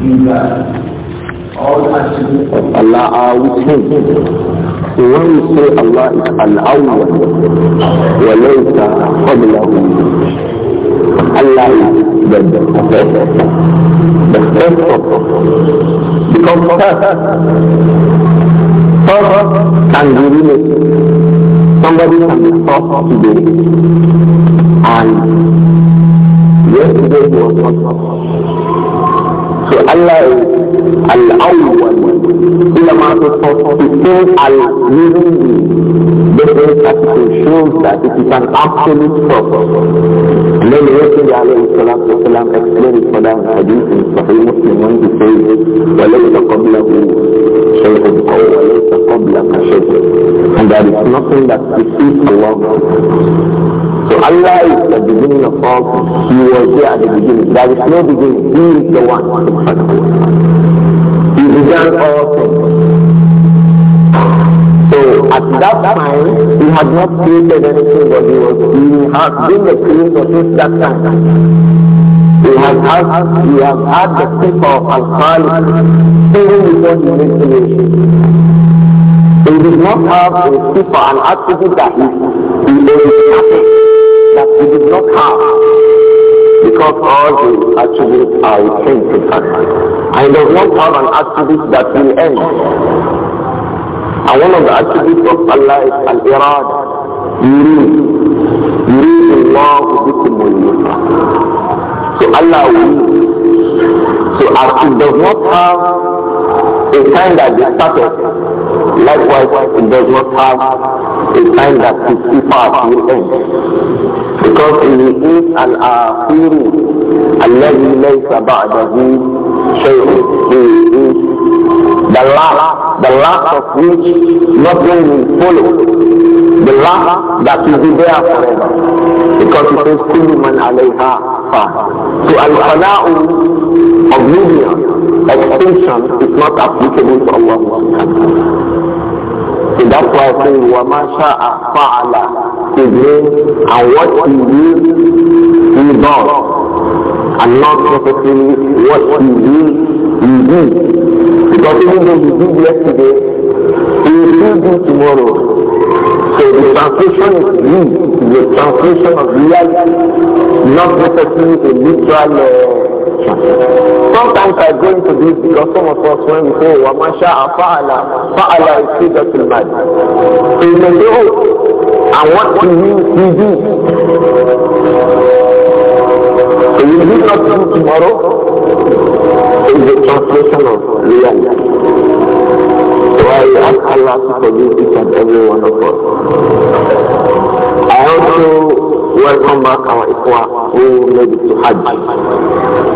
in that all attributes of Allah are with him. So when we say Allah is Al-Awwal, وَلَيْسَ قَبْلَهُ Allah is the first, the first of Because first, first can be related. Somebody can be first today and yesterday he was not first. So Allah is Al-Awwal. In the matter of fulfilling Al-Living being. This is that it shows that it is an absolute purpose. And then Rasulullah alayhi salatu wasalam explained it for them in hadith in Sahih Muslim when he says, وَلَيْسَ قَبْلَهُ شَيْءٌ أَوْ وَلَيْسَ قَبْلَكَ شَيْءٌ And there is nothing that precedes Allah. So Allah is the beginning of all. He was there at the beginning. There is no beginning. He is the one. He began all things. So at that time, he had not created anything, but he was he has been the creator since that time. He has had he has had the paper of Al even before he made creation. He did not have a super an attribute that he, he is nothing. he did not have because all the attributes are akin to factors. And he does not have an attribute that will end. And one of the attributes of Allah is al-irada, yurid. Yurid Allah bikum al-yusra. So Allah will. So as it does not have a kind that is started, Likewise, it does not have a time that its sifat will end. Because it and an akhiru, الذي ليس بعده شيء. He is the last, the last of which nothing will follow. The last that will be there forever. Because it is human من عليها فان. So al-fana'u, oblivion, extinction is not applicable to Allah that's why I say Wamasha Afa'ala. It means, and what he will, he does. And not necessarily what he will, he did. Because even though he did yesterday, he will do tomorrow. So the transition of we, the transition of reality, not necessarily a literal uh, Sometimes I go into this because some of us when we say Wamasha Fa'ala, Fa'ala is Sidatul Mad. So you may say, oh, and what do you he do? So you will not come tomorrow is the translation of reality. why we ask Allah to forgive each and every one of us. I also welcome back our Ikwa who made it to Hajj.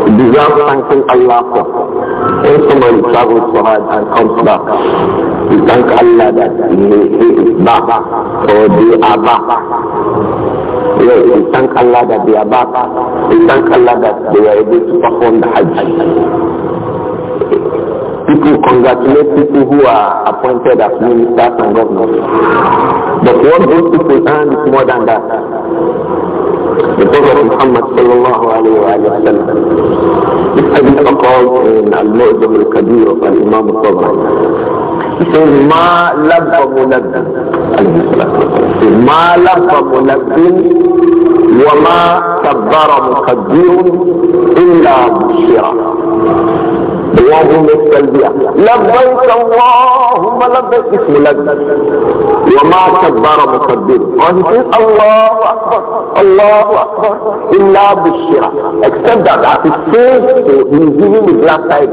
We deserve thanking Allah for. When somebody travels to Hajj and comes back, we thank Allah that he, he is back for the Abba. Yes, we thank Allah that they are back. We thank Allah that they are able to perform the Hajj. people congratulate people who are appointed as ministers and governors. But what those people earn is more than that. The Prophet Muhammad sallallahu alayhi wa sallam. This hadith occurs in Al-Mu'jam al-Kabir of Al-Imam al tabra He says, Ma labba mulabbin. Ma labba muladdin. Wa ma كبر مكبر illa mushira. وهم التلبية لبيك اللهم لبيك اسم لبيك وما كبر مكبر وهي الله أكبر الله أكبر إلا بالشرع except that at his face so he is giving his last time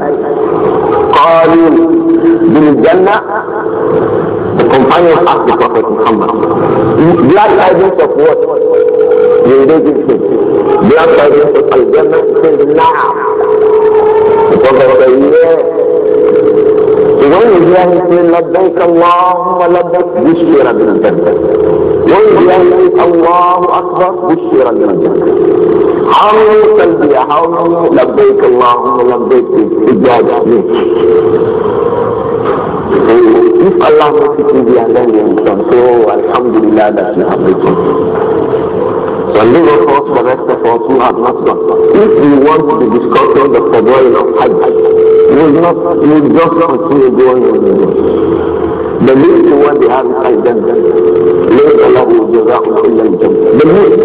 قالوا بالجنة the companions asked the Prophet Muhammad, black tidings of what? The engaging thing. Black tidings of Al-Jannah says, now. The Prophet said, yes. So when you hear him say, Labbaik لبيك اللهم لبيك, بشر Jannah. When you hear him say, Allahu الله أكبر, بشر Jannah. How many تلبية, how many Labbaik لبيك اللهم لبيك is God. if Allah makes it easy and then you can say, oh, Alhamdulillah that you have written. So leave of us the rest of us who have not done. If you want to be discussing the problem of Hajj, You will not, we just continue going on the The least we want to have is identity. Let Allah will give us the least.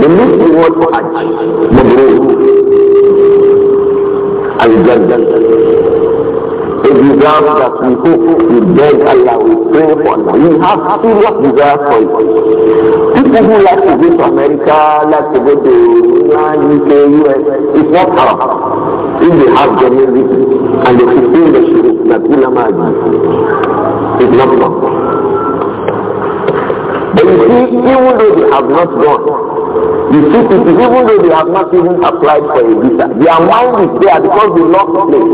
The least we want for Hajj, the blue. Al-Jannah. It deserves that we hope we beg Allah, we pray for Allah. We have serious desire for it. People who like to go to America, like to go to England, UK, US, it's not haram. If they have genuine reason and they fulfill the shirk that ulama is it's not wrong. But you see, even though they have not gone, The two people, even though they have not even applied for a visa, their mind is there because they love the place.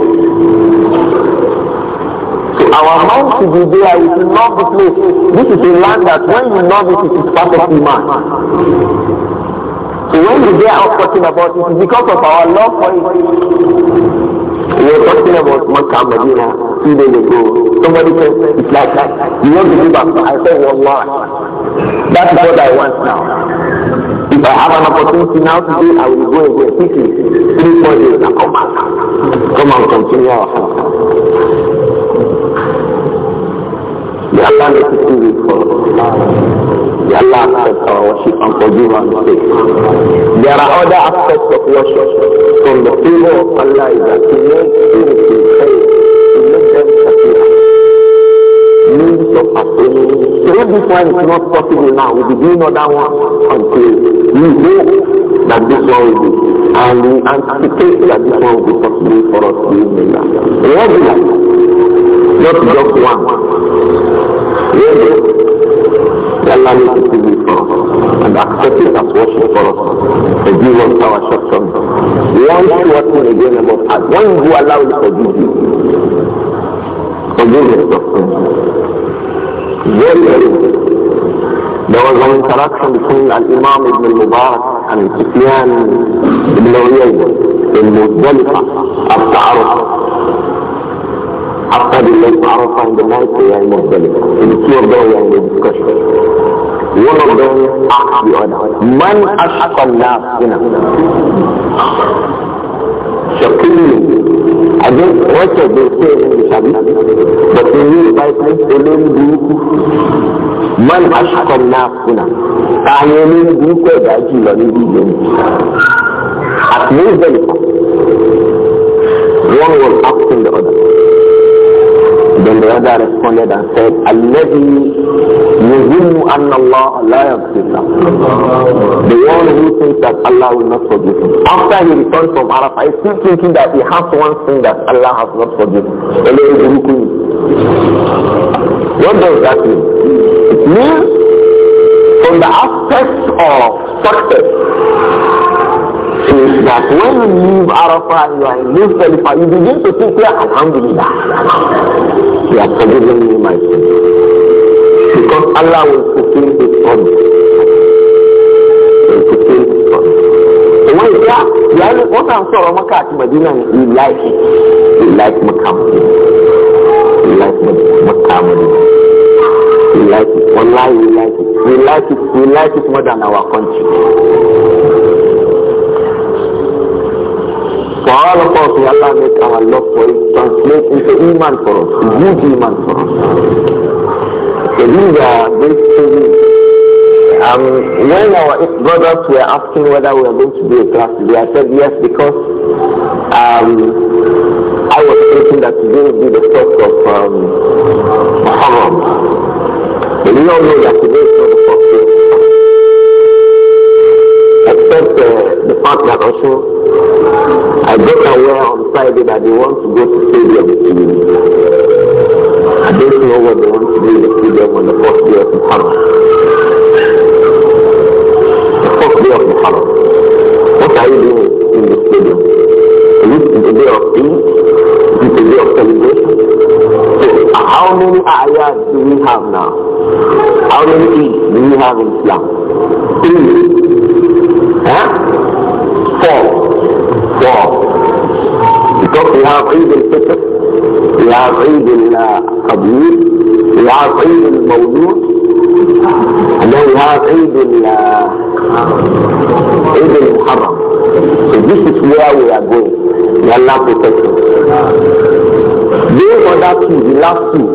So our mind should be there, we should love the place. This is a land that when you love it, it is part of the man. So when we are out talking about it, it is because of our love for it. We were talking about Makkah, Medina, two days ago. Somebody said, it's like that. You want to give up. I said, Wallah. That's what I want now. If I have an opportunity now today, I will go and get quickly, three, four days and come back. Come and continue our fast. May Allah is the easy for Allah accept our worship and forgive our mistakes. There are other aspects of worship from the favor of Allah is that He makes things in faith. suffer pain. So if this one is not possible now, we'll be doing another one until we know that this one will be. And we anticipate that this one will be possible for us to do that. Regular, not just one. Regular. Allah needs to forgive for us and accept it as worship for us and give us our shortcomings. One short thing again about us. When you allow it to forgive you, forgive yourself. There was an interaction between Al-Imam Ibn al-Mubarak and Sufyan Ibn Uyayna in Muzdalifa after Arafa. After the late Arafa in the night, they were in Muzdalifa. In The two of them they were in discussion. One of them asked the other, Man ashqa al-nas hina? Shaqiyyu I just wanted to say in the service, but in real life, olórí burúkú, man ashkọ̀ náà fúnà, táyé olórí burúkú ẹ̀dá jù lọ níbi ìlú. At least then, one was asking the Then the other responded and said, الذي يظن أن Allah لا يغفر The one who thinks that Allah will not forgive him. After he returned from Arafah, he's still thinking that he has one thing that Allah has not forgiven. What does that mean? It means from the aspect of success is that when you leave Arafah and you are in Muzdalifah, you begin to think, Alhamdulillah. you have forgiven me my sin. Because Allah will fulfill his promise. Will fulfill his promise. So when it's that, the only what I'm sorry, I'm not Medina, we like it. We like Makkah Medina. We like Makkah Medina. We like it. Wallahi, we like it. We like it. We like it more than our country. For all of us, may Allah make our love for it translate into iman for us, huge iman for us. So these are great things. Um, when our brothers were asking whether we are going to do a class today, I said yes because um, I was thinking that today would be the first of um, Muharram. But we all know that today is not the first day. Except uh, the fact that also I got aware on Friday that they want to go to stadium to I don't know what they want to do in the stadium on the first day of Muharram. The first day of Muharram. What are you doing in the stadium? Is it the day of peace? Is it the day of celebration? So how many ayahs do we have now? How many Eid do we have in Islam? Three. Huh? Four. Four. we have Eid al-Fitr, we have Eid al-Qadir, we have Eid al-Mawlud, and then we have Eid al- Eid al-Muharram. So this is where we are going. May Allah protect us. Those other two, the last two,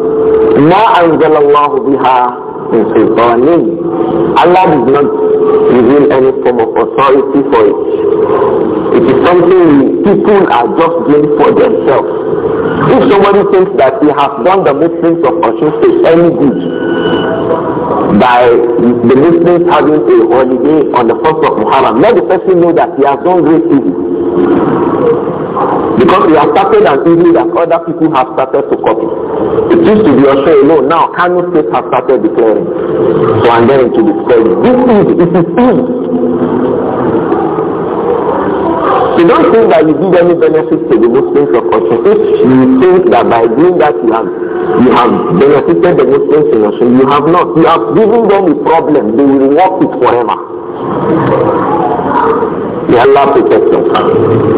ما أنزل الله بها من سلطان Allah does not reveal any form of authority for it. It is something people are just doing for themselves. If somebody thinks that he has done the Muslims of Osun any good by the Muslims having a holiday on the 1st of Muharram, let the person know that he has done great evil. Because we have started an evil that other people have started to copy. It used to be show alone. Now Kano State has started declaring. So I'm going to discuss this is, it is evil. You don't think that you give any benefit to the Muslims of Osho. you think that by doing that you have you have benefited the Muslims in Osho, you have not. You have given them a problem. They will walk it forever. May Allah protect us.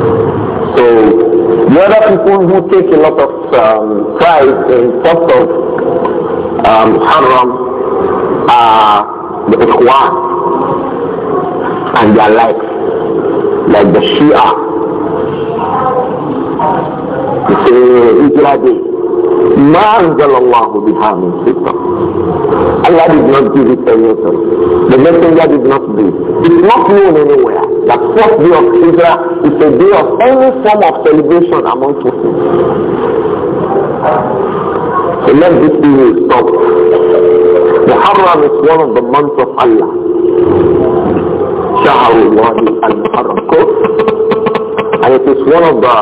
The other people who take a lot of um, pride in terms of um, haram are the Ikhwan and their like, like the Shia. You say, Hijra Day. ما أنزل الله Allah did not give it any authority. The messenger did not do it. It's not known anywhere that first day of Israel is a day of any form of celebration among Muslims. So let this be The Haram is one of the months of Allah. and it is one of the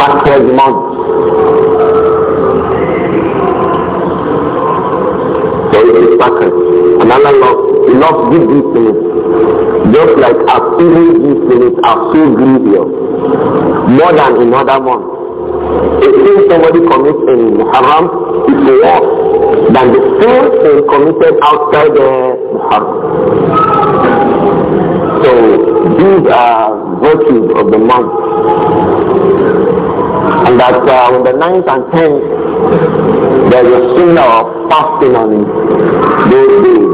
sacred months there is a sacrifice. And Allah loves, loves big things. Just like our feeling these things are so grievous. More than in other months. If somebody commits in Muharram, it's worse than the same thing committed outside the Muharram. So these are virtues of the month. And that uh, on the 9th and 10th, There's a sunnah of fasting on those days,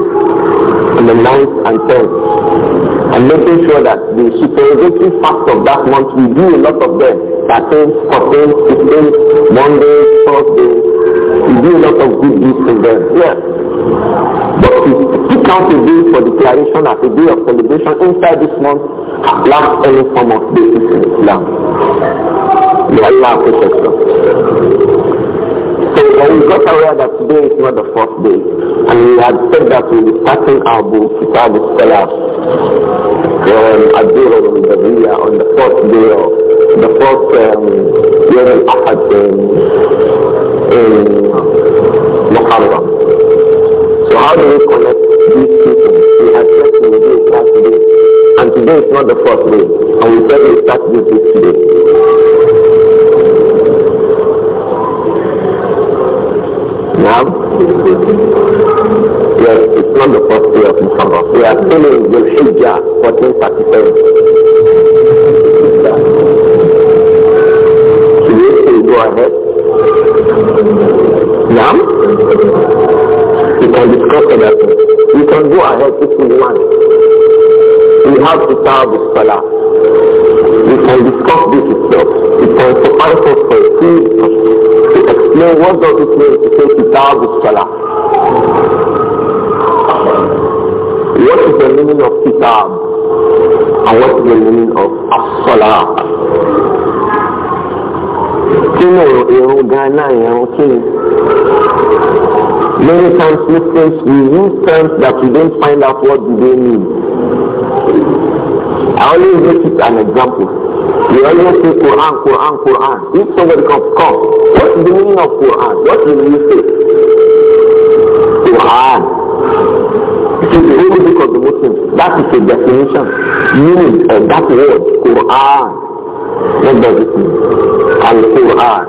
on the 9 and 10 And making sure that the supererogatory fast of that month, we do a lot of them. 13th, 14 15 Monday, Thursday. We do a lot of good deeds in them. Yes. But to pick out a day for declaration as a day of celebration inside this month lacks any form of basis in Islam. May Allah protect us. we got aware that today is not the first day, and we had said that we will be starting our book, Kitab al-Salah, um, Abdul the mudawiyya on the fourth day of the fourth um, year al-Ahad in, in Muharram. So how do we connect these two things? We had said we will do it last day, and today is not the first day, and we said we start this today. Now, yes, it's not the first day of Muharram. We are still in Dhul Hijjah, 1437. Should we still go ahead? Now, we can discuss about it. We can go ahead if we want. We have the start with Salah. We can discuss this itself. It can suffice us for a few explain what does it mean to say kitab salah. What is the meaning of kitab? And what is the meaning of as-salah? you irun Ghana irun kini. Many times Muslims we use terms that we don't find out what do they mean. I always make it an example. You always say Quran, Quran, Quran. If somebody comes, come. What is the meaning of Quran? What do you say? Quran. It is the holy book of the Muslims. That is the definition, meaning of that word, Quran. What does it mean? Al-Quran.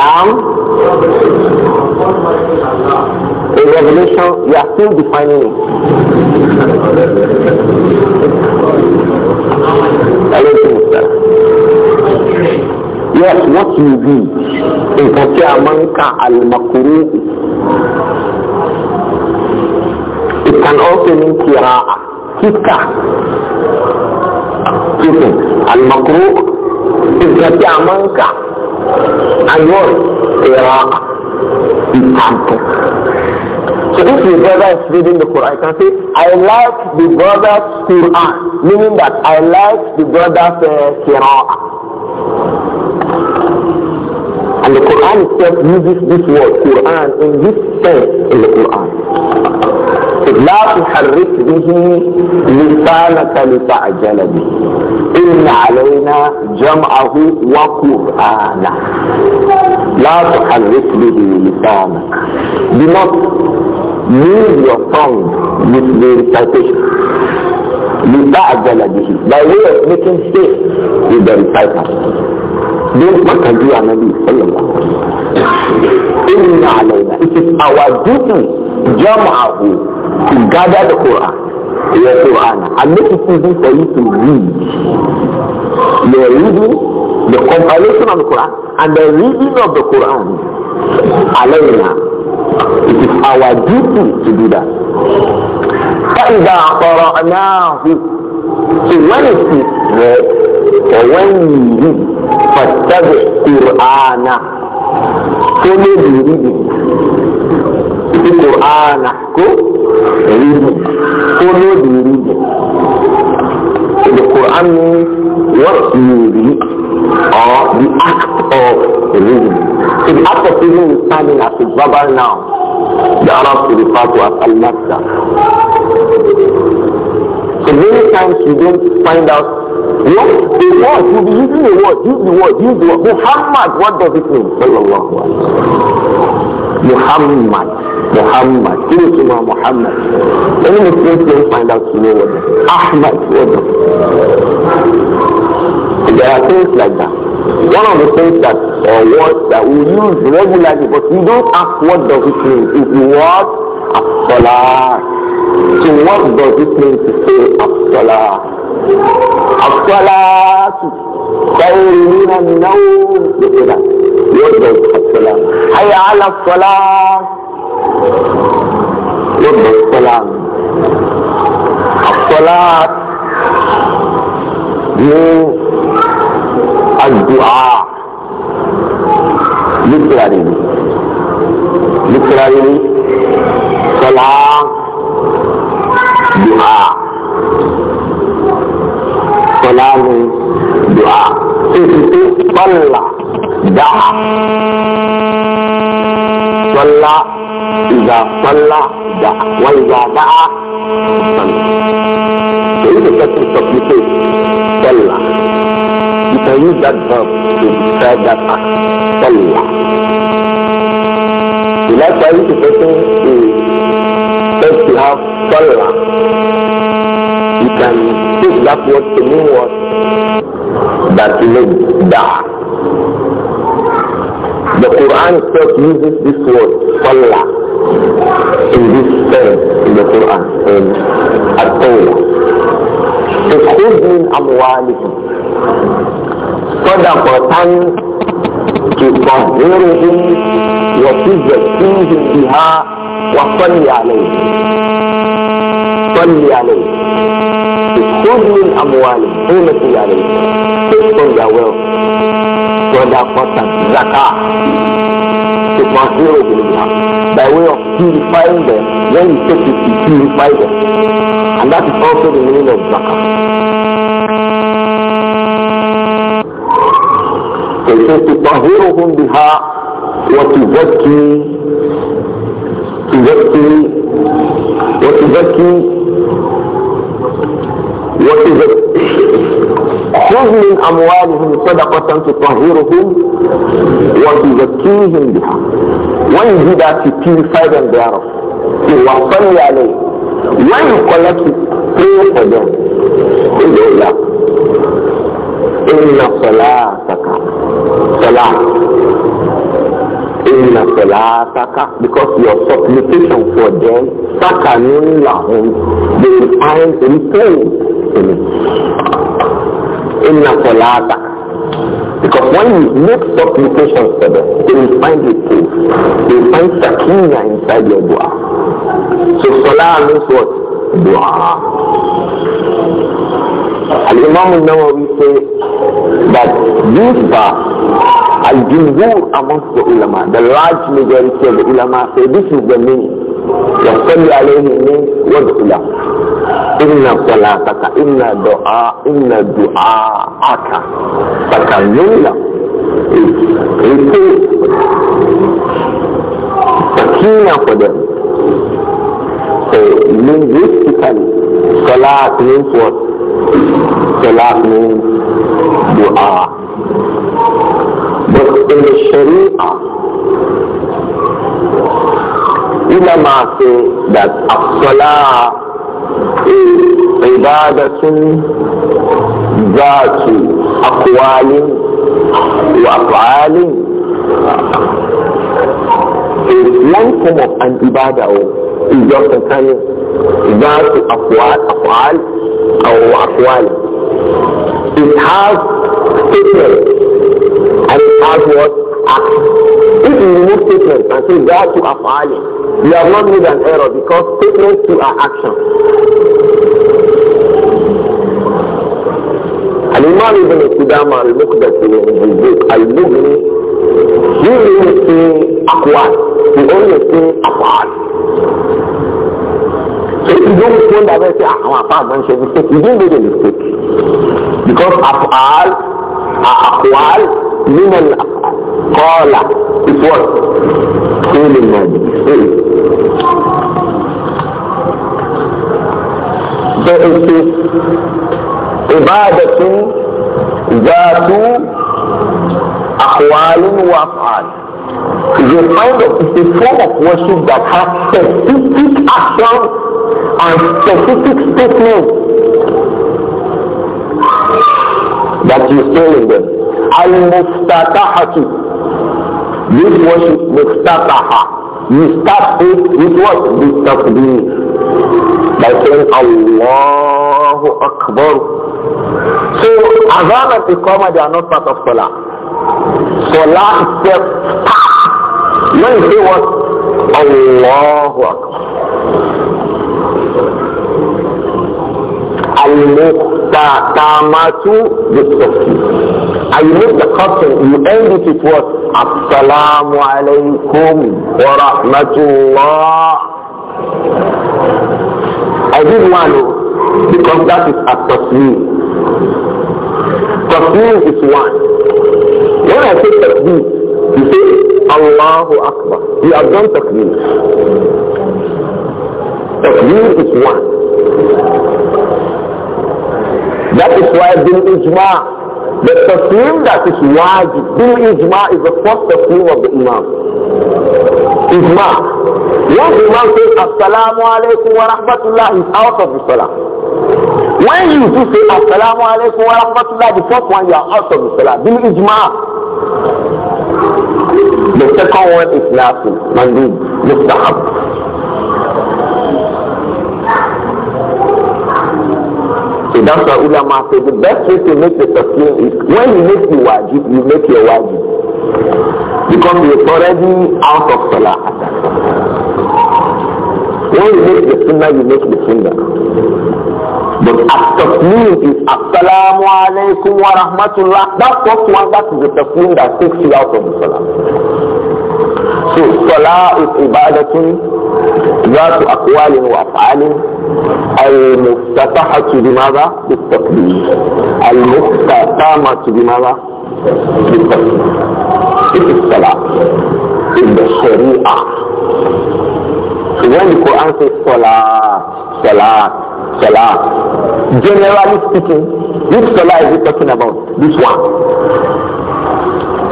Now, revelation, we are still defining it. Yes, what you do in Fakir Manka al Makuru, it can also mean Kira'a, Kitka. Two things. Al Makuru is Fakir Manka, and what? Kira'a. It So if the brother is reading the Quran, I can say, I like the brother's Quran, meaning that I like the brother's uh, And the Quran itself uses this word, Quran, in this sense in the Quran. لا تحرك به لسانك لتعجل به إن علينا جمعه وقرآنه لا تحرك به لسانك Do not move your tongue with the recitation. لتعجل به by way of making space with the reciter. Don't what can do a Nabi صلى الله عليه وسلم. It is our duty جمعه to gather the Quran. Your Quran. And make it easy for you to read. Your reading, the compilation of the Quran, and the reading of the Quran. علينا It is our duty to do that. فَإِذَا قَرَأْنَاهُ So when it is read, or when you read, فَاتَّبِعْ قُرْآنَ Follow the reading. It is Qur'an. Go, reading. Follow the reading. So the Qur'an means what you read or the act of reading the act of even standing as a verbal noun, the Arabs refer to as al-makta. So many times you don't find out what the word, you'll be using the word, use the word, use the word. Muhammad, what does it mean? Sallallahu alayhi Muhammad. Muhammad. Who to my Muhammad? Any Muslims don't find out to know what it is. Ahmad, what does it mean? There are things like that. One of the things that or uh, words that we use regularly, but we don't ask what does it mean. It what As-salah. So what does it mean to say As-salah? As-salah خير من النوم كده يرضى السلام هيا على الصلاة يرضى السلام الصلاة you doa Zikir hari ini Zikir hari ini Salah Doa Salah ini Doa Itu salah Dah Salah Iza salah Dah Wa iza da'a Salah Jadi kita tutup itu Salah يوجد باب في السادقة سلة إلى سعيد فتن في تسلح سلة ikan tuh dapat semua batin dah. The Quran first uses this word salah in this sense in the Quran in at all. Tuh khusus amwalik صدقة تطهرهم وتزكيهم بها وصل عليه صل عليه خذ من أموالهم قيمة عليه based on their wealth صدقة زكاة to transfer over the land by way of purifying them when you take it to purify them and that is also the meaning of zakah كيفية تطهرهم بها وتزكي تزكي وتزكي وتزكي خذ من أموالهم صدقة تطهرهم وتزكيهم بها when you that you purify them thereof you are sorry عليه when you collect it pray for them inna salataka salat inna salataka because your supplication for them sakanun lahum they will find repose in it inna salataka because when you make supplication for them they will find repose they will find sakina inside your dua so salah means what dua Al-Imam al-Nawawi says that this verse Al-Jumhur amongst the ulama, the large majority of the ulama say this is the meaning. وَصَلِّ عَلَيْهِ means وَدْعُلَا إِنَّ صَلَاتَكَ إِنَّ دُعَا إِنَّ دُعَاءَكَ فَكَنُّلَا is repeat sakina for them. So linguistically, salat means what? salat doa dua. Syariah, in the Sharia, ulama say that as-salah is ibadatun ذات أقوال وأفعال one form of an ibadah is just a kind أو أقوال it has statements and it has what actions if you remove statements and say that to أفعال you have not made an error because statements to are actions الإمام ابن قدامة المقدسي in his book المغني he didn't say أقوال he only say أفعال So if you don't stand up and say, ah, àwọn àpá àgbọn ṣe mistake, you don't make a mistake. Because àpòál àpòál nínú kọ́ọ̀là is what? Failing man. Fail. So it is عبادة ذات أقوال وأفعال. It's a kind of, it's a form of worship that has specific actions and specific statements that you spell in them. Al-Muftatahatu. This was Muftataha. You start it with what? With takbir. By saying Allahu Akbar. So Azan and Iqamah, they are not part of Salah. Salah itself. When you say what? Allahu Akbar. Al-Muqtamatu Bistaki. And you make the custom, you end it with what? Assalamu alaikum wa rahmatullah. I did one because that is a tasmeen. Tasmeen is one. When I say tasmeen, you say Allahu Akbar. You have done tasmeen. Tasmeen is one. That is why Bil Ijma, the Taslim that is wajib, Bil Ijma is the first Taslim of the Imam. Ijma. When the Imam says, Assalamu alaikum wa rahmatullah, he's out of the Salah. When you do say, Assalamu alaikum wa rahmatullah, the first one you are out of the Salah. Bil Ijma. The second one is Nafi, Mandub, Mustahab. think that's why ulama say the best way to make the perfume is when you make the wajib, you make your wajib. Because you're already out of salah. When you make the sunnah, you make the sunnah. But at-taslim is assalamu alaykum wa rahmatullah. That's what one, that is the taslim that takes you out of the salah. So salah is ibadatun Gya tu akwalin ou akalin, al mouk sataha ti di mada, li potbili. Al mouk satama ti di mada, li potbili. It is salat. In da shari'a. Se yon di Kuran se salat, salat, salat. Generalistikou, yon salat li pekin avan, li swan.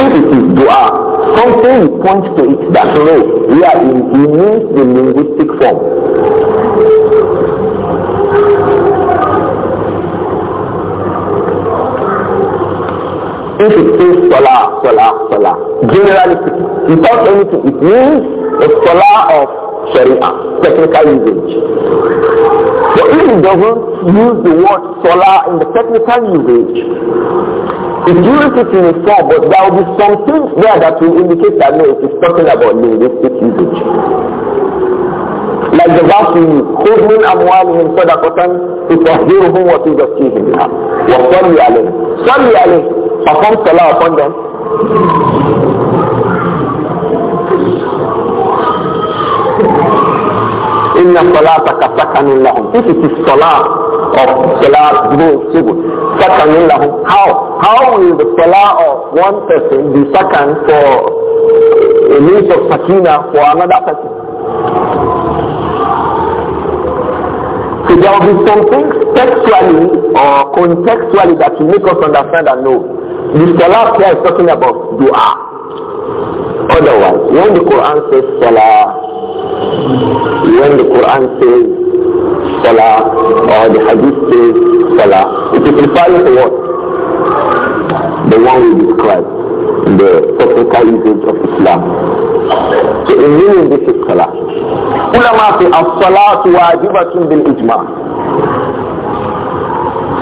Et it is doa, something points to it that no, are in. he means the linguistic form. If it says salah, salah, salah, generally without anything, it means a salah of sharia, technical usage. So if it doesn't use the word solar in the technical usage, it uses it in a form, but there will be something there that will indicate that no, it is talking about linguistic usage. Like the verse we use, خُذْمِنْ أَمْوَالِهِمْ صَدَقَةً the وَتُزَكِّيهِمْ بِهَا وَصَلِّ عَلَيْهِمْ صَلِّ عَلَيْهِمْ Perform salah upon them إن صلاتك سكن لهم if it is salah of salah no سكن لهم how how will the salah of one person be second for a means of sakina for another person so there will be something textually or contextually that will make us understand and know the salah here is talking about dua otherwise when the quran says salah says salah or the hadith says salah, it is referring to what? The one we described, the technical usage of Islam. So in meaning this is salah. Ulama say as-salat wajibatun bil ijma.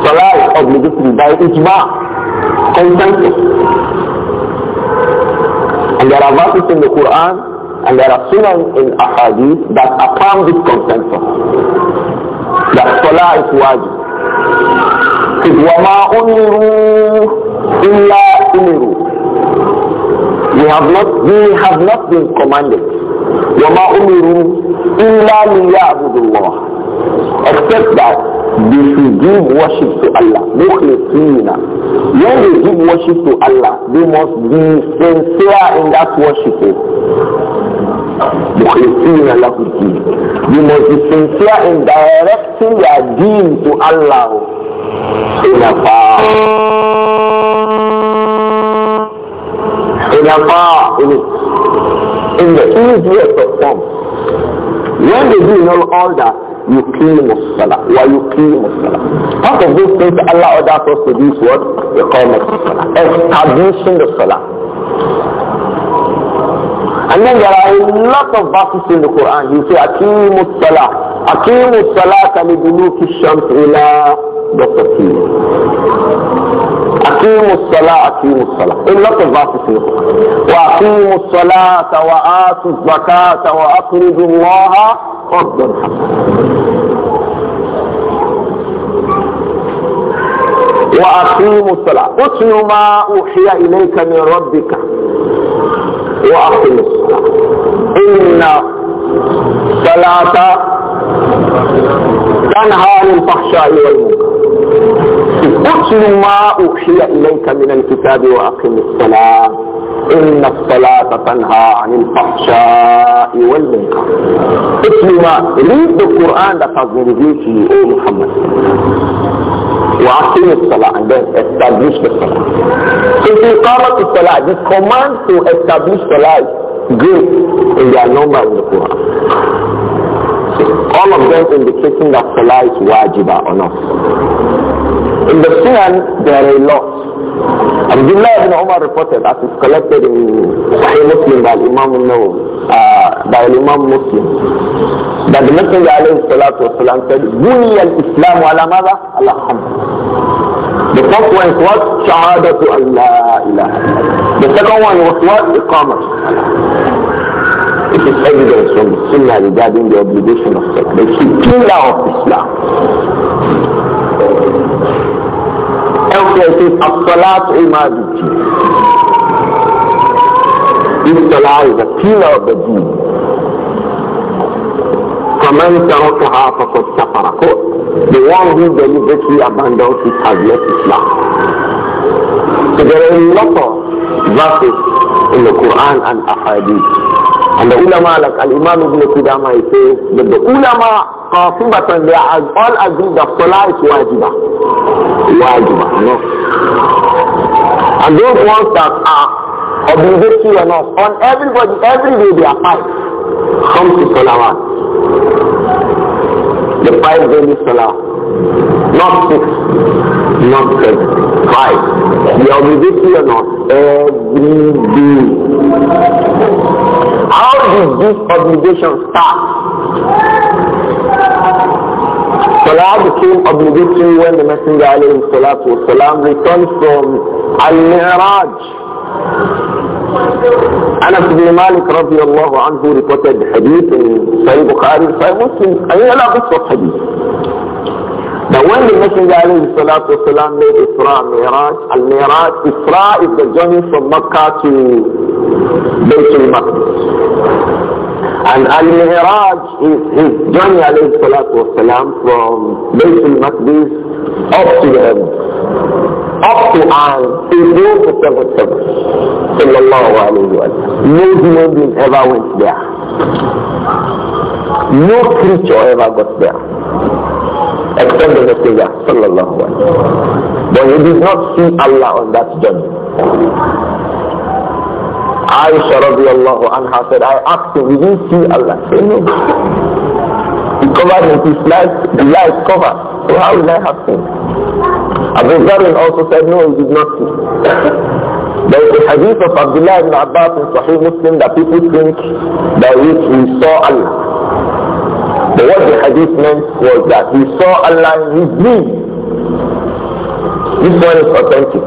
Salah is obligatory by ijma, consensus. And there are verses in the Quran and there are sunan in ahadith that affirm this consensus. That salah is wajib. Says, وَمَا أُمِرُوا إِلَّا أُمِرُوا We have not, we have not been commanded. وَمَا أُمِرُوا إِلَّا لِيَعْبُدُ اللَّهِ Except that they should give worship to Allah. مُخْلِصِينَ When they give worship to Allah, they must be sincere in that worship. You must be sincere in directing your deen to Allah in a far in, in the easiest of forms. When they do know all that, you kill Musala. Why you kill Musala? Part of those things Allah orders us to do is what? We call Musala. Establishing the Salah. And then there are a lot of verses in the Quran. You say, Akimu Salah. Akimu Salah can be kaliduluki shams ila the أقيموا الصلاة أقيموا الصلاة إلا تضعف فيه وأقيموا الصلاة وآتوا الزكاة وأقرضوا الله قرضا وأقيموا الصلاة أتل ما أوحي إليك من ربك واقم ان الصلاه تنهى عن الفحشاء والمنكر اتل ما اوحي اليك من الكتاب واقم الصلاه ان الصلاه تنهى عن الفحشاء والمنكر اتل ما اريد القران Quran به او محمد وَعَقِمُ الصَّلَاةِ And then establish the salah. So if you come to salah, the command to establish salah is great in their number in the Quran. all of them indicating that salah is wajiba on us. In the Sunan, there are a lot. Abdullah ibn Umar reported as is collected in Sahih Muslim by Imam al-Nawawi. by Imam Muslim that the Messenger alayhi salatu wasalam said Buni al-Islam ala mada ala the first one is what? Shahadatu an la ilaha the second one was what? Iqamat it is evidence from the Sunnah regarding the obligation of sex the pillar of Islam elsewhere it is, as-salatu imadati This salah is a pillar of the deen. فَمَنْ تَرَكَهَا فَقَدْ كَفَرَ The one who deliberately abandons it has left Islam. So there are a lot of verses in the Quran and Ahadith. And the ulama, like Al-Imam Ibn Qudama, he says that the ulama qasibatan, they are all agree that salah is wajibah. Wajibah, no. And those ones that are or on us, on everybody, every day they are five. Come to Salawat. The five daily Salah. Not six, not seven, five. They are obligatory on us every day. How did this obligation start? Salah became obligatory when the Messenger of Allah wasalam returned from Al-Mi'raj. Anas ibn Malik radiallahu anhu reported the hadith in Sahih Bukhari, Sahih Muslim, and in a lot of hadith. Now when the Messenger alayhi salatu wasalam made Isra Miraj, Al-Miraj, Isra is the journey from Makkah to Baitul Maqdis. And Al-Mi'raj is his journey alayhi salatu wasalam from Bayt al-Maqdis up to the heavens. up to and above the seventh heaven. Sallallahu No human being ever went there. No creature ever got there. Except the messenger. Sallallahu alayhi wa But he did not see Allah on that journey. Aisha radiallahu anha said, I asked him, did you see Allah? He said, no. He covered his life, the life covered. So how will I have seen? Abu Zarin also said, no, he did not see. There is a hadith of Abdullah ibn Abbas in Sahih Muslim that people think by which he saw Allah. But what the hadith meant was that he saw Allah in his dream. This one is authentic.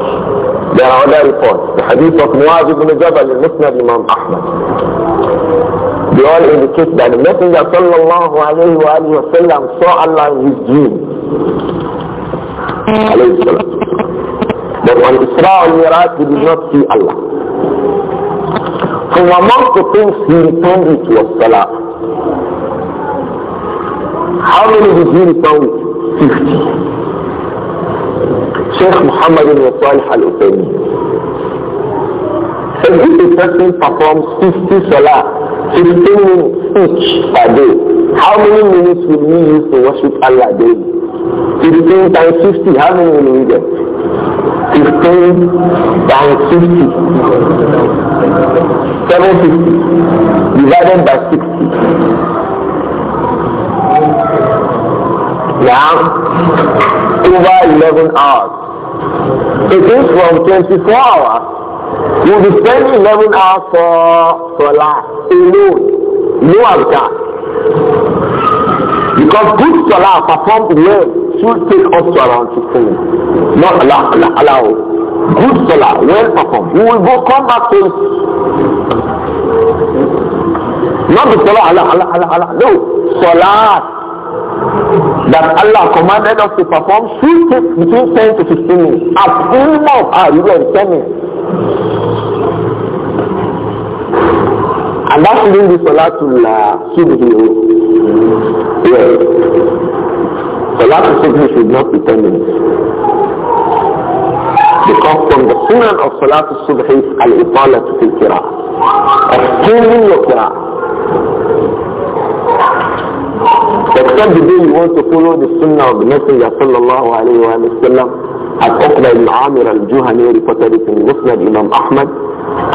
There are other reports. The hadith of Muaz ibn Jabal in Musnad Imam Ahmad. They all indicate that the Messenger sallallahu alayhi wa sallam saw Allah in his dream. But on Isra al Miraj, he did not see Allah. From among the things he returned it was Salah. How many did he return it? Fifty. Sheikh Muhammad ibn Salih al-Utaymi said if a person performs 50 Salah, 15 minutes each per day, how many minutes will he use to worship Allah daily? 15 times 50, how many will we get? 15 times 50. 750 divided by 60. Now, over 11 hours. It is from 24 hours. You'll be 11 hours for Salah alone. No abscond. Because good salah performed well should take us to around 16 minutes. Not allow, allow, allow. Good salah, well performed. We will go come back to Not the salah, Allah, Allah, Allah, Allah. No. Salah that Allah commanded us to perform should take between 10 to 15 minutes. At minimum, ah, you know, 10 minutes. And that shouldn't be salah to la subhi. Yes. Salat al should not be 10 minutes. Because from the sunan of Salat al subh is al to the Kira. qiraah Extending your Kira. But the of you want to follow the sunnah of the Messenger sallallahu alayhi wa sallam as Uqba ibn Amir al-Juhani reported it in Musnad Imam Ahmad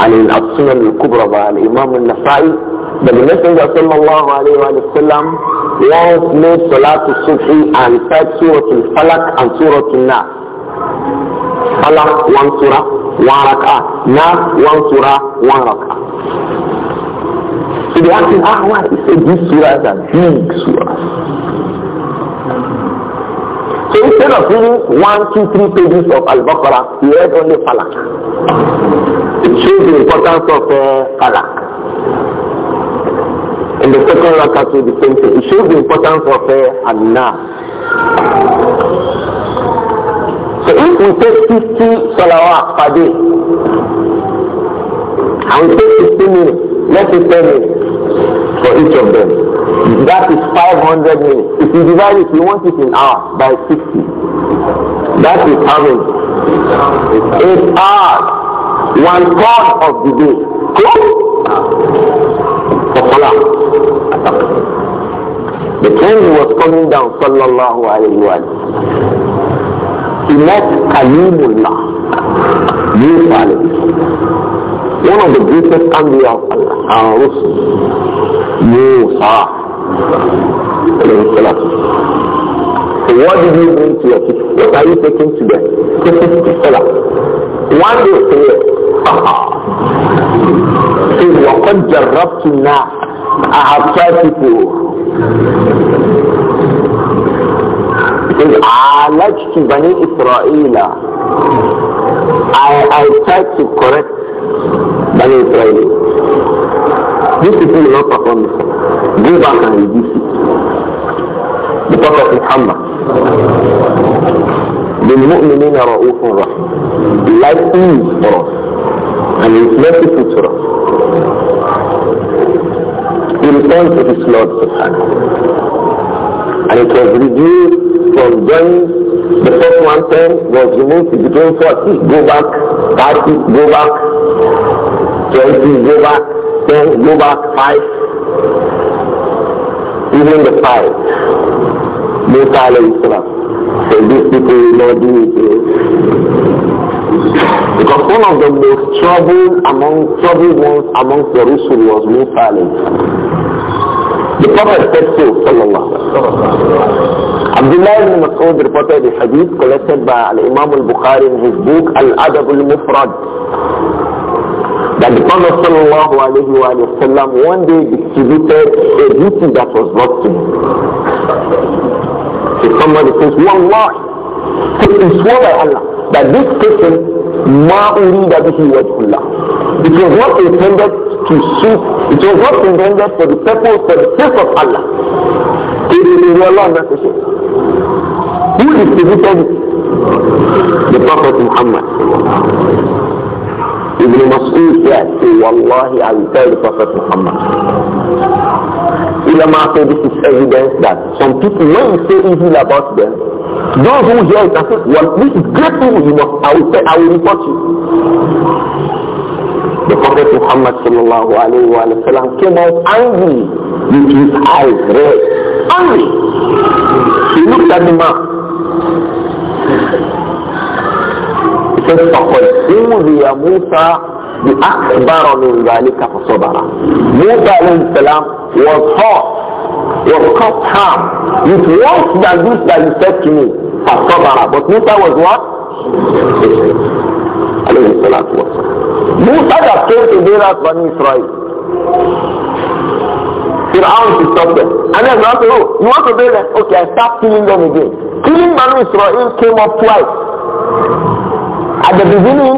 and in as al-Kubra by Imam al-Nasa'i the Messenger sallallahu alayhi wa sallam once made Salatul Subhi and said Surah Al-Falaq and Surah Al-Nas. Falaq, one surah, one rak'ah. Nas, one surah, one rak'ah. So they asked him, ah, why? He said, this surah is a big surah. So instead of reading one, two, three pages of Al-Baqarah, he read only Falak. It shows the importance of uh, Falak. In the second rakat will the same thing. It shows the importance of and now. So if we take 50 salawat per day, and we take 15 minutes, let's say 10 minutes for each of them, that is 500 minutes. If you divide it, you want it in hours by 60. That is having It's 8 hours. One third of the day. Cool? for salah. The time he was coming down, sallallahu alayhi wa he met Kalimullah, Yusuf alayhi One of the greatest Anbiya of Allah, our Rusul, Musa So what did you bring to your people? What are you taking to them? This is the salah. One day, الطلقة إذ وقد جربت النار أعطاتك إذ عالجت بني إسرائيل I, I tried to correct Bani Israel. This is not perform this. Go back and reduce it. The Prophet Muhammad. بالمؤمنين رؤوف رحيم. Like ease for us. and he is merciful to us. He returns to his Lord Subhanahu. And it was reduced from joining the first one term was removed to between 40, go back, 30, go back, 20, go back, 10, go back, 5, even the 5. Musa alayhi salam. So these people will not do it. Because one of the most troubled among troubled ones among the Rusul was Musa The Prophet said so, sallallahu Abdullah ibn Mas'ud reported the hadith collected by al Imam al-Bukhari in his book Al-Adab al-Mufrad that the Prophet sallallahu alayhi wa sallam one day distributed a duty that was brought to him. So somebody says, Wallahi, to so, is sworn by Allah that this person ma'uri that he was Allah. It was not intended to suit, it was not intended for the purpose, for the sake of Allah. It is Allah that is it. Who distributed it? The Prophet Muhammad. Ibn Mas'ud said, Wallahi, I will tell the Prophet Muhammad. Ulama say this is evidence that some people, when you say evil about them, Those who hear it and say, well, this is great news, you know, I will say, I will report you. The Prophet Muhammad sallallahu alayhi wa sallam came out angry with his eyes red. Angry. He looked at the man. He said, فَقَدْ أُوذِيَ مُوسَى بِأَكْبَرَ مِنْ ذَلِكَ فَصَبَرَ Musa alayhi salam was hot was caused harm with worse than this that you said to me. Asabara. But Musa was what? Musa that came to Berat Bani Israel. Fir'aun to stop them. And then Musa said, oh, you want to do like, Okay, I start killing them again. Killing Bani Israel came up twice. At the beginning,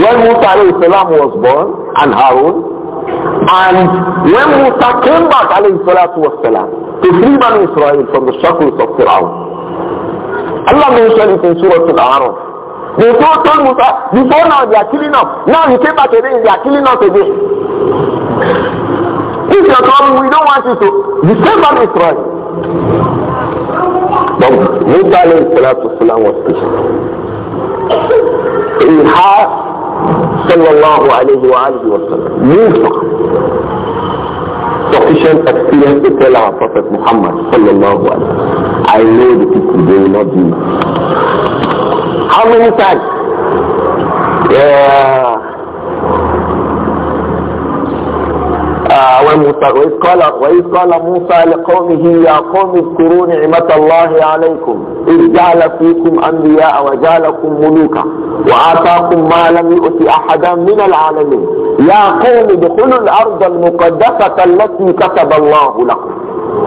when Musa was born and Harun, And when Musa came back, alayhi salatu was salam, to free Bani Israel from the shackles of Pharaoh, Allah mentioned it in Surah Al-A'raf. They told, told Musa, before now they are killing us. Now he came back again, they are killing us again. If you are coming, we don't want you to. The same Bani Israel. But Musa alayhi salatu was salam was patient. He had sallallahu alayhi wa alihi wa sallam Musa sufficient experience to tell our Prophet Muhammad sallallahu alayhi wa sallam I know the people they will not do how many times yeah آه، وإذ قال وإذ قال موسى لقومه يا قوم اذكروا نعمة الله عليكم إذ جعل فيكم أنبياء وجعلكم ملوكا وآتاكم ما لم يؤت أحدا من العالمين يا قوم ادخلوا الأرض المقدسة التي كتب الله لكم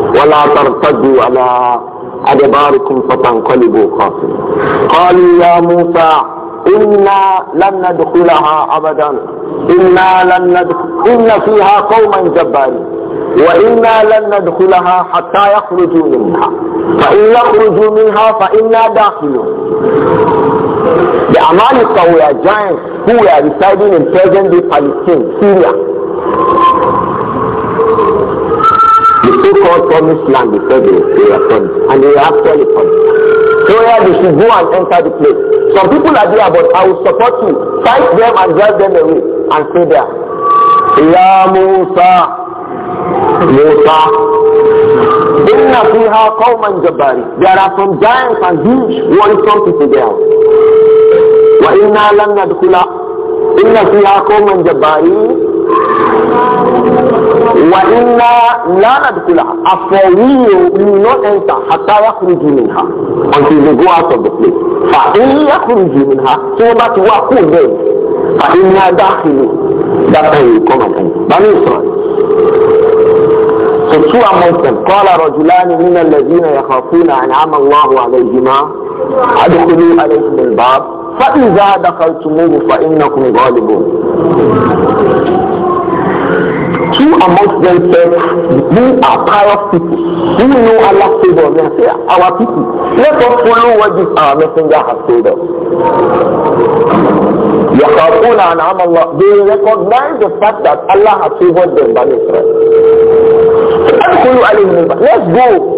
ولا ترتدوا على أدباركم فتنقلبوا خاسرين قالوا يا موسى إنا لن ندخلها أبدا إنا لن ندخل إن فيها قوما جبارين وإنا لن ندخلها حتى يخرجوا منها فإن يخرجوا منها فإنا داخلون The Amalites were giants who are residing in present-day Palestine, Syria. The so-called promised land, they said they, they were And they were actually promised. So yeah, they should go and enter the place. Some people are there, but I will support you. Fight them and drive them away. And stay there. Ya Musa. Musa. Inna fiha kawman jabari. There are some giants and huge worrisome people there. Wa inna lam nadkhula. Inna fiha kawman jabari wa inna la nadkhula afọ wíyẹ will not enter hatta yakhruju minha until they go out of the place fa in yakhruju minha tí wọ́n bá fa inna dakhilu that time you bani israel so two amongst them qala rajulani min alladhina yakhafuna an'ama allahu alayhima adkhulu فإذا دخلتموه فإنكم غالبون two amongst them said, "We are pious people We know Allah's favor and say our people let us follow what this our messenger has told us يخافون أنعم الله they recognize the fact that Allah has favored them by Israel let's go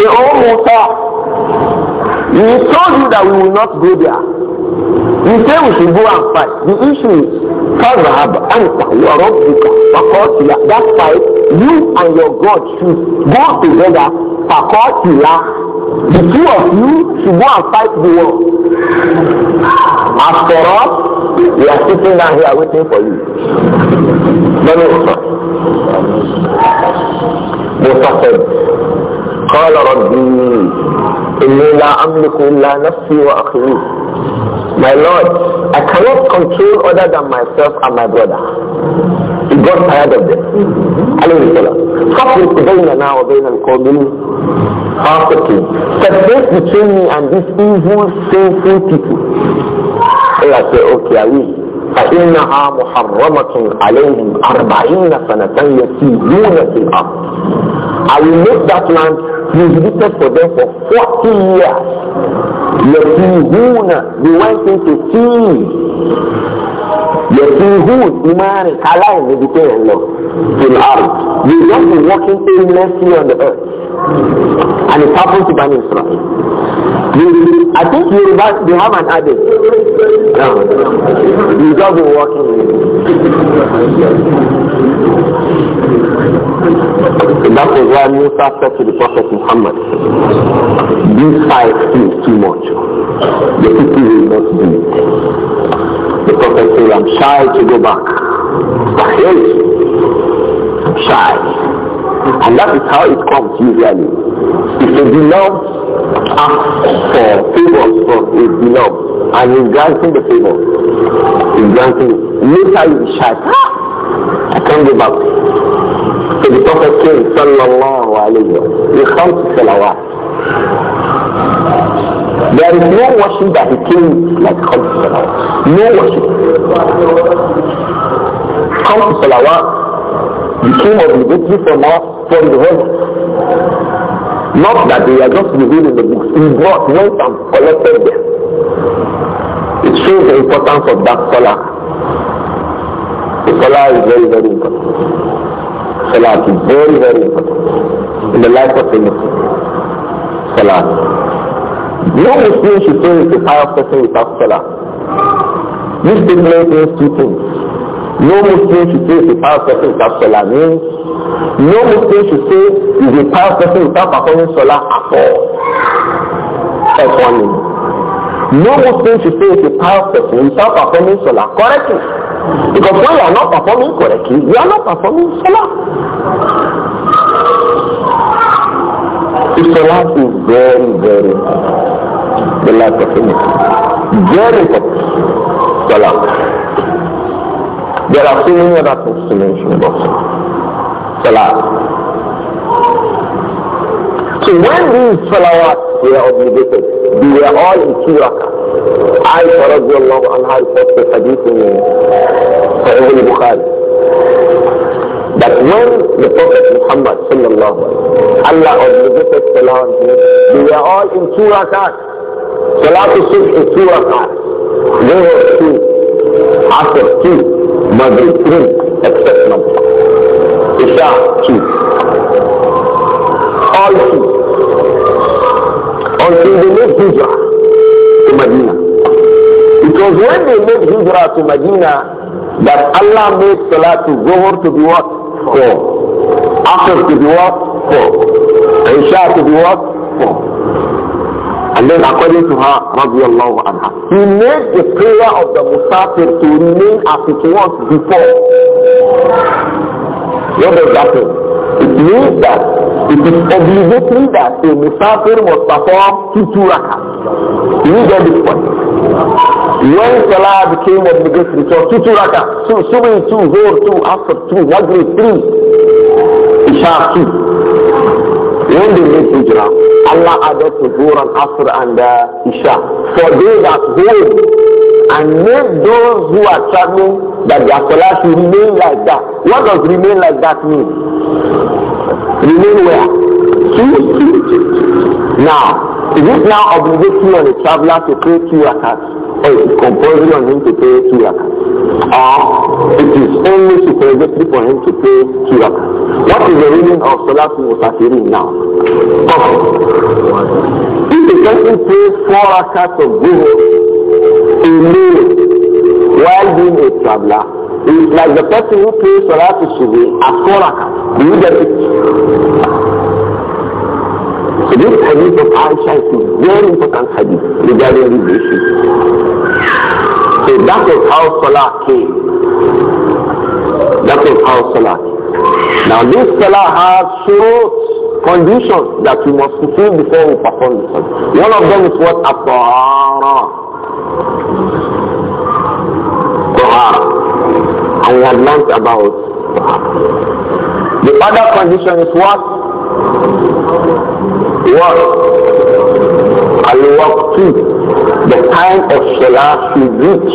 The old Musa, you told you that we will not go there. You say we should go and fight. The issue is, You are وَرَبِّكَ because That fight, you and your God should go together فَقَاتِلَا the two of you should go and fight the war. As for us, we are sitting down here waiting for you. Many of us. Musa said, قال ربي إني لا أملك إلا نفسي وأخي. My Lord, I cannot control other than myself and my brother. He got tired of this. عليه السلام فصل بيننا وبين القوم فاسقين Separate between me and these evil sinful people. And I say, okay, I will. فإنها محرمة عليهم أربعين سنة يسيرون في الأرض I will make that land prohibited for them for 40 years. Yet, who they went into sea يتيهون إيمان alive they became Allah in earth. They don't be walking aimlessly on the earth. And it happened to Bani Israel. They, I think Yoruba, they have an adage. No. You don't be walking That was why Musa said to the Prophet Muhammad, these five things too much. The people will not do it. The Prophet said, I'm shy to go back. Really? I'm shy. And that is how it comes usually. If a beloved asks for favors from a beloved and he's granting the favor, he's granting it. Later he's shy. Ah! I can't go back. So the Prophet came, sallallahu alayhi wa sallam, salawat. There is no worship that he came like come to Salah. No worship. Come to Salawat became obligatory for us from the world. Not that they are just revealed in the books. He brought, went and collected them. It shows the importance of that Salah. The Salah is very, very important. Salah is very, very important in the life of the Muslim. Salah. No Muslim should say with a pious person without salah. This statement means two things. No Muslim should pray with a pious person without salah means no Muslim should say is a pious person without performing salah at all. That's one meaning. No Muslim should say is a pious person without performing salah correctly. Because when you are not performing correctly, you are not performing salah. The salah is very, very important. the lack of unity. Very important. Salam. There are so many other things to Salah. So when these salawat We are obligated, We are all in two rakah. I رضي الله عنها reports the hadith in Sahih al-Bukhari that when the Prophet Muhammad sallallahu alaihi wasallam Allah obligated salawat, We are all in two rakah. Salatu Subh is two rak'ahs. Zuhr is two. Asr two. Maghrib three. Except number. Isha two. All two. Until they make Hijrah to Medina. It was when they made Hijrah to Medina that Allah made Salatu Zuhr to be what? Four. Asr to be what? Four. Isha to be what? Four. And then according to her, radiallahu anha, he made the prayer of the Musafir to remain as it was before. What does that mean? It means that it is obligatory that a Musafir must perform two rakah. You get this point. When Salah became obligatory, so two rakah, two, Subi two, Zohr two, Asr two, Isha two. When they made Hijrah, Allah added Zuhr Asr anda uh, Isha. For they that hold and make those who are traveling that their salah should remain like that. What does remain like that mean? Remain where? Now, Is it now obligatory on a traveler to pay two rakats? Or is it compulsory on him to pay two rakats? Or it is only supererogatory for him to pay two rakats? What is the meaning of Salatul Musafirin now? Okay. If a person pays four rakats of Zuhur in lieu while being a traveler, it's like the person who pays Salatul Subhi as four rakats. Do you get it? So this hadith of Aisha is a very important hadith regarding this issue. So that is how Salah came. That is how Salah came. Now this Salah has shurut, conditions that we must fulfill before we perform the Salah. One of them is what? At-Tahara. Tahara. And we have learned about The other condition is what? What? Al-Waqti, the time of Salah should reach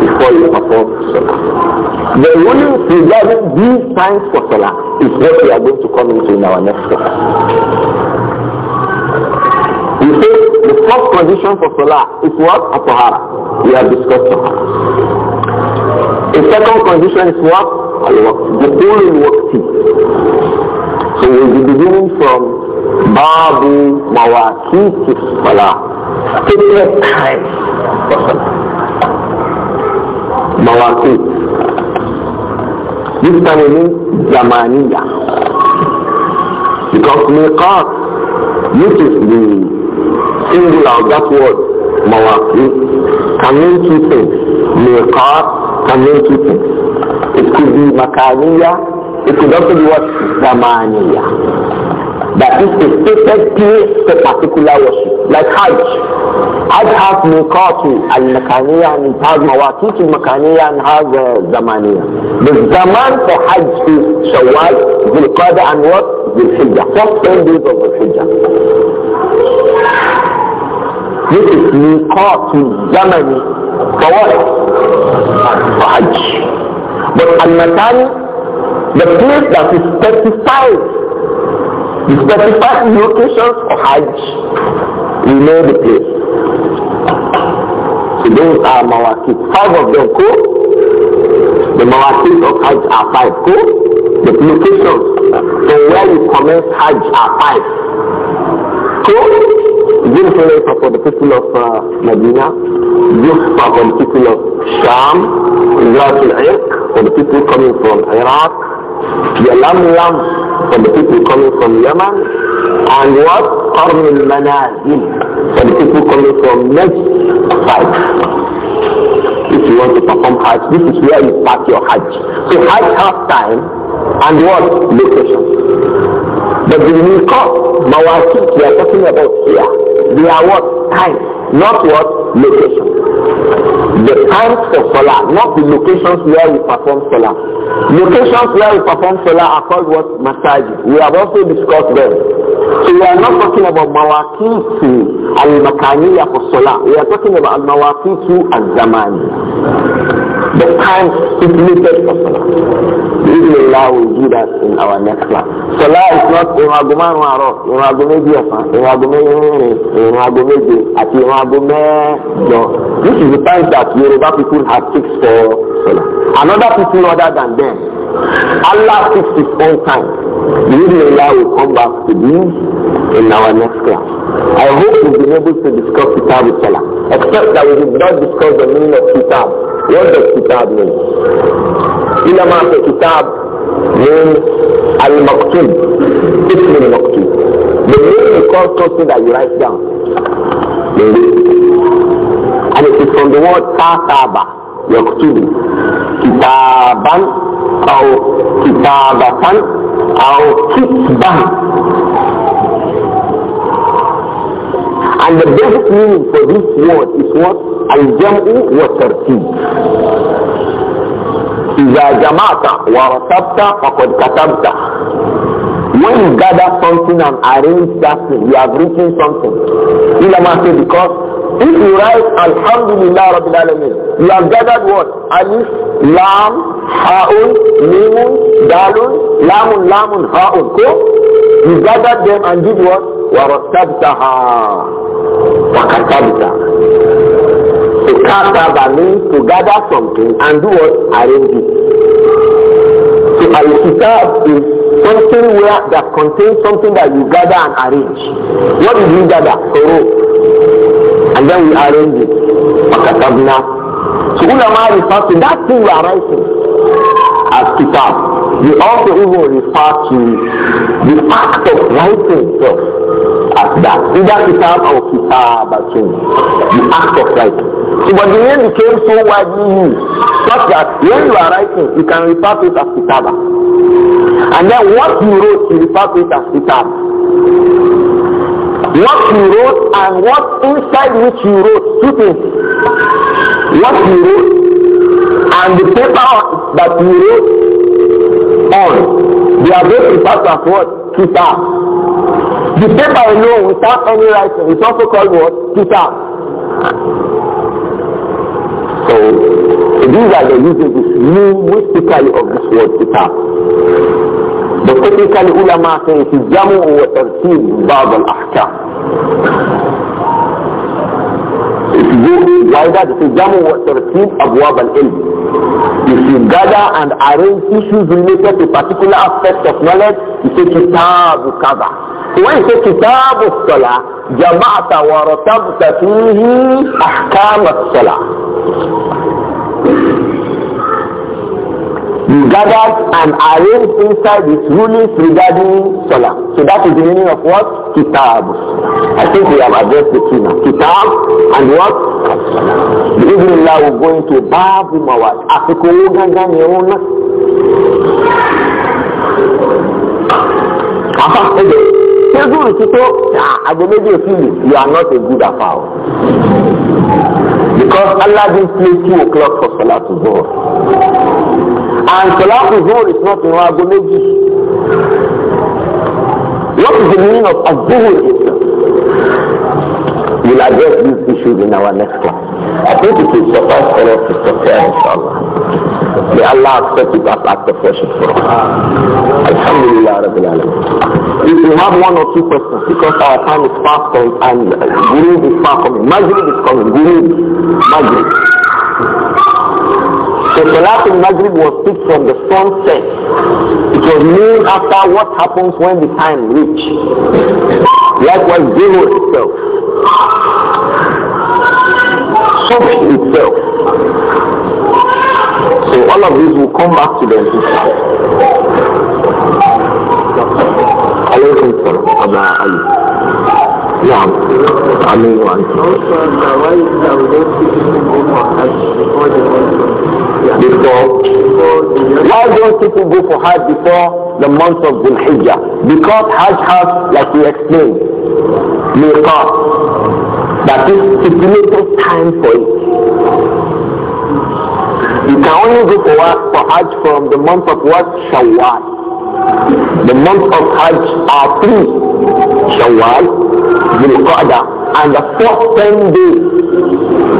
before you perform Salah. The ruling regarding these times for Salah is what we are going to come into in our next class. You see, the first condition for Salah is what? at We have discussed Tahara. The second condition is what? Al-Waqti, the work Waqti. So we'll be beginning from Babu Mawakiti Salah, stated time for Salah. This time we means Zamaniya. Because Miqat, which is the singular of that word, Mawakit, can mean two things. Miqat can mean two things. It could be Makaniya it is also the word Zamaniya. That is a specific period for particular worship. Like Hajj. Hajj has Mukatu al-makaniya and it has mawakit makaniya and has zamaniya. The zaman for Hajj is Shawwal, Zulqada and what? Dhul Hijjah. First 10 days of Dhul Hijjah. This is Mukatu zamani for what? For Hajj. But al-makani The place that is specified, the specified locations of Hajj, we know the place. So those are mawakit. Five of them, cool? The mawakit of Hajj are five, cool? The locations from where you commence Hajj are five. Cool? Beautiful for the people of uh, Medina, give for the people of Sham, Zat al for the people coming from Iraq, Yalam Lam for the people coming from Yemen, and what? Qarn al-Manazil for the people coming from next side. If you want to perform Hajj, this is where you start your Hajj. So Hajj has time and what? Location. But the Miqat, Mawakit, we are talking about here, they are what? Time. Not what? Location. The times for solar, not the locations where we perform solar. Locations where we perform solar are called what? Massage. We have also discussed them. So we are not talking about mawakitu and makaniya for solar. We are talking about mawakitu and zamani The times stipulated for solar. Allah will do that in our next class. So Allah is not ìrun aago márùn-ún àárọ̀, ìrun aago In ọ̀sán, ìrun aago mẹ́rin, ìrun aago méje àti ìrun aago mẹ́jọ. This is the time that Yoruba people have fixed for Allah. Another people other than them, Allah fixed his own time. Allah will come back to this in our next class. I hope we'll be able to discuss Kitab Allah, except that we did not discuss the meaning of Kitab. What does Kitab mean? علماء الكتاب من المكتوب اسم المكتوب the name is called something that you write down and it is from the word kataba يكتب Kitaban or Kitabatan or Kitban. And the basic meaning for this word is what? Al Jamu الجمع والترتيب إذا جمعت ورتبت فقد كتبت when you gather something and arrange that thing you have written something ulama say because if you write alhamdulillah rabbil alamin you have gathered what alif lam haun mimun dalun lamun lamun haun ko you gathered them and did what warattabtaha wa katabta To cast over means to gather something and do what? Arrange it. So al-kitab is something where that contains something that you gather and arrange. What did you gather? Sorrow. And then we arrange it. Makatabna. So ulama refers to that thing we are writing as kitab. We also even refer to the act of writing itself as that. Either kitab or kitabatun. The act of writing. So, but the name became so widely used, such that when you are writing, you can refer to it as Kitaba. And then what you wrote, you refer to it as Kitaba. What you wrote and what inside which you wrote, two things. What you wrote and the paper that you wrote on, they are both referred to as what? Kitab. The paper alone without any writing is also called what? Kitab. So these are the new mystically of this word kitab. But technically ulama say it is jamu wa tartib ba'd al-ahkam. It is you go wider, it is jamu wa tartib abwab al-ilm. If you gather and arrange issues related to particular aspects of knowledge, you say kitab kaza. wọ́n ṣe kìtàbù sọ̀lá jama'ata wọ̀rọ̀ tábùtà fíhí àkàmà sọ̀lá. gathered and arranged inside his rulings regarding Salah. So that is the meaning of what? Kitab. I think we have addressed the two now. Kitab and what? Bismillah, we're going to Babu Mawad. Àsìkò owó gángan ni ẹ̀wọ̀n ṣé zúrù ti tó àgbo méjì òfìlì you are not a good afa because allah bin play two o'clock for to zuhur and to zuhur is not in àgbo méjì what is the meaning of azuhur islam we will address these issues in our next class i think it is suffice for us to prepare inshallah. May Allah accept it as act of worship for us. Alhamdulillah Rabbil Alameen. If you have one or two questions, because our time is fast and Guru is far coming, Maghrib is coming, Guru, Maghrib. So Salatul Maghrib was picked from the sunset. It was named after what happens when the time reaches. Likewise, zero itself. Subh itself all of these will come back to them. before why don't people go for Hajj before the month of Dhul Hijjah because Hajj has like we explained miqat that is stipulated time for it you can only go for, for Hajj from the month of what? Shawwal. The month of Hajj are three. Shawwal, Zulqa'dah, and the fourth ten days.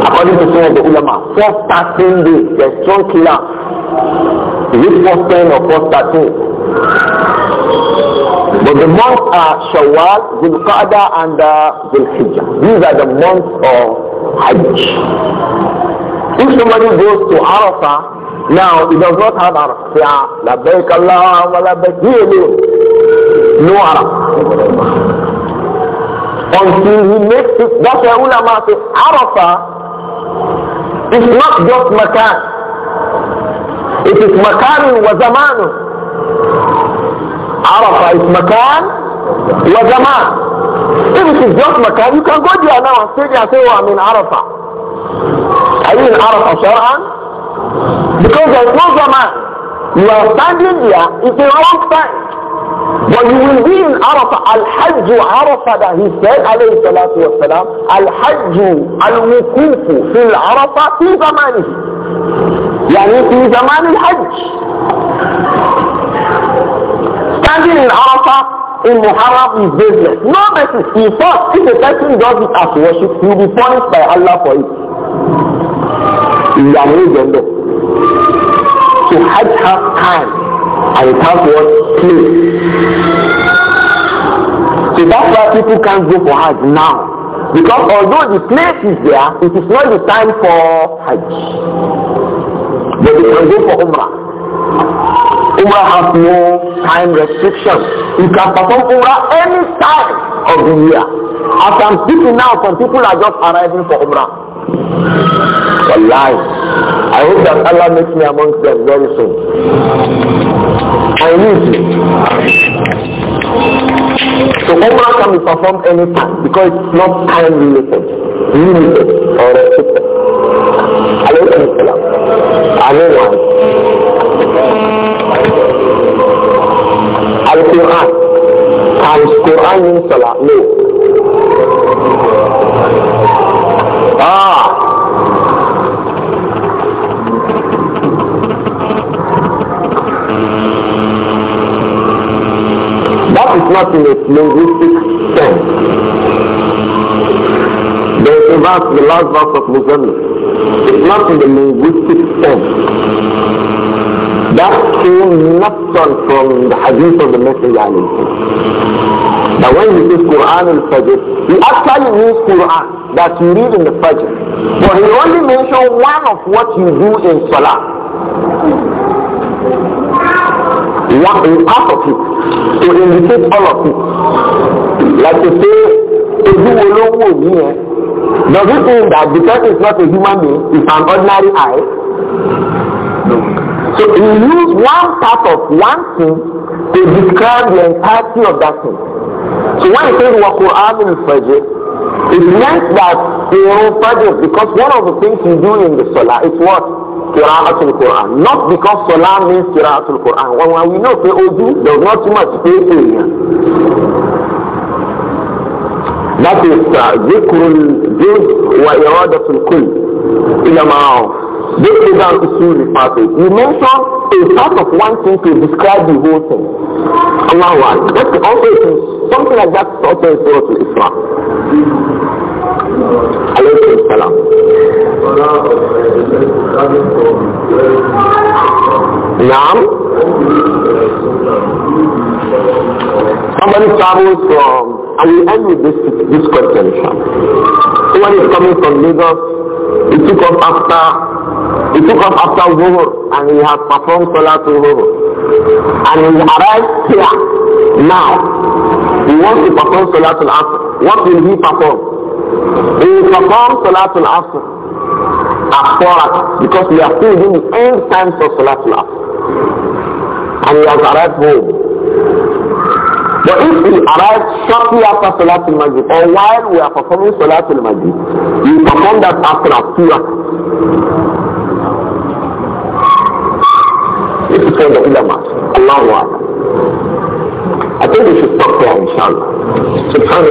According to some of the ulama, fourth thirteen days, the strong killer. Is it fourth ten or fourth thirteen? But the months are uh, Shawwal, Zulqa'dah, and uh, Zulhijjah. These are the months of Hajj. If somebody goes to Arafah, now he does not have Arafah. Say, ah, labbaik Allah wa labbaik. He alone. No Arafah. Until he makes it, that's why ulama say, Arafah is not just makan. It is makan wa zaman. Arafah is makan wa zaman. If it is just makan, you can go there now and stay there and say, oh, I'm in Arafah. Are you Arab or Sharan? Because there is no Zaman. You are standing there, it's a long time. But you will be in Arafah. Al-Hajj Arafah that he said, alayhi salatu wasalam, Al-Hajj al-Wukufu fil Arafah fi zamani. يعني في زمان hajj Standing in Arafah in Muharram is business. No message. In fact, if a person does it as worship, he will be punished by Allah for it. ìyàwó ìjọ̀dọ̀ to hajj have time and have one place so that's why people can't go for hajj now because although the place is there it is not the time for hajj but they can go for umrah umrah has no time restriction you can perform umrah any time of the year and some people now some people are just arriving for umrah Wallahi. I hope that Allah makes me amongst them very soon. I need you. So Umrah can be performed anytime because it's not time related, limited or restricted. Alaykum salam. Amin wa Al-Quran. Al-Quran in Salah. No. Ah. That is not in a linguistic sense. The is the last verse of Muzamil. is not in the linguistic sense. That came not from the hadith of the Messenger Now when he says Quran and fajr he actually means Quran that you read in the Fajr. But he only mentioned one of what you do in Salah. One part of it to indicate all of it. Like to say, if you ló wò yí yẹn? Does it mean that because it's not a human being, it's an ordinary eye? So use one part of one thing to describe the entirety of that thing. So when I say Quran in fajr it meant that you know Fajr because one of the things you do in the Salah is what? Qira'atul Quran. Not because Salah means Qira'atul Quran. When, when we know the Odu, there's not too much space in here. That is ذكر الجزء وإرادة in إلى mouth. This program is still referred to. You mentioned a part of one thing to describe the whole thing. Allah one. That's also something like that also in to Islam. Alaykum salam. Naam. Somebody travels from, I will end with this, this question, Someone is coming from Lagos He took off after he took off after Zuhur and he has performed Salah to Zuhur. And he arrived here now. He wants to perform Salah to Asr. What will he perform? He will perform Salah to Asr after us because we are still doing the end times of Salah to Asr. And he has arrived home. But if we arrive shortly after Salatul Maghrib or while we are performing Salatul Maghrib, we perform that after a This is called the ulama. Allahu Akbar. I think we should stop there, inshallah.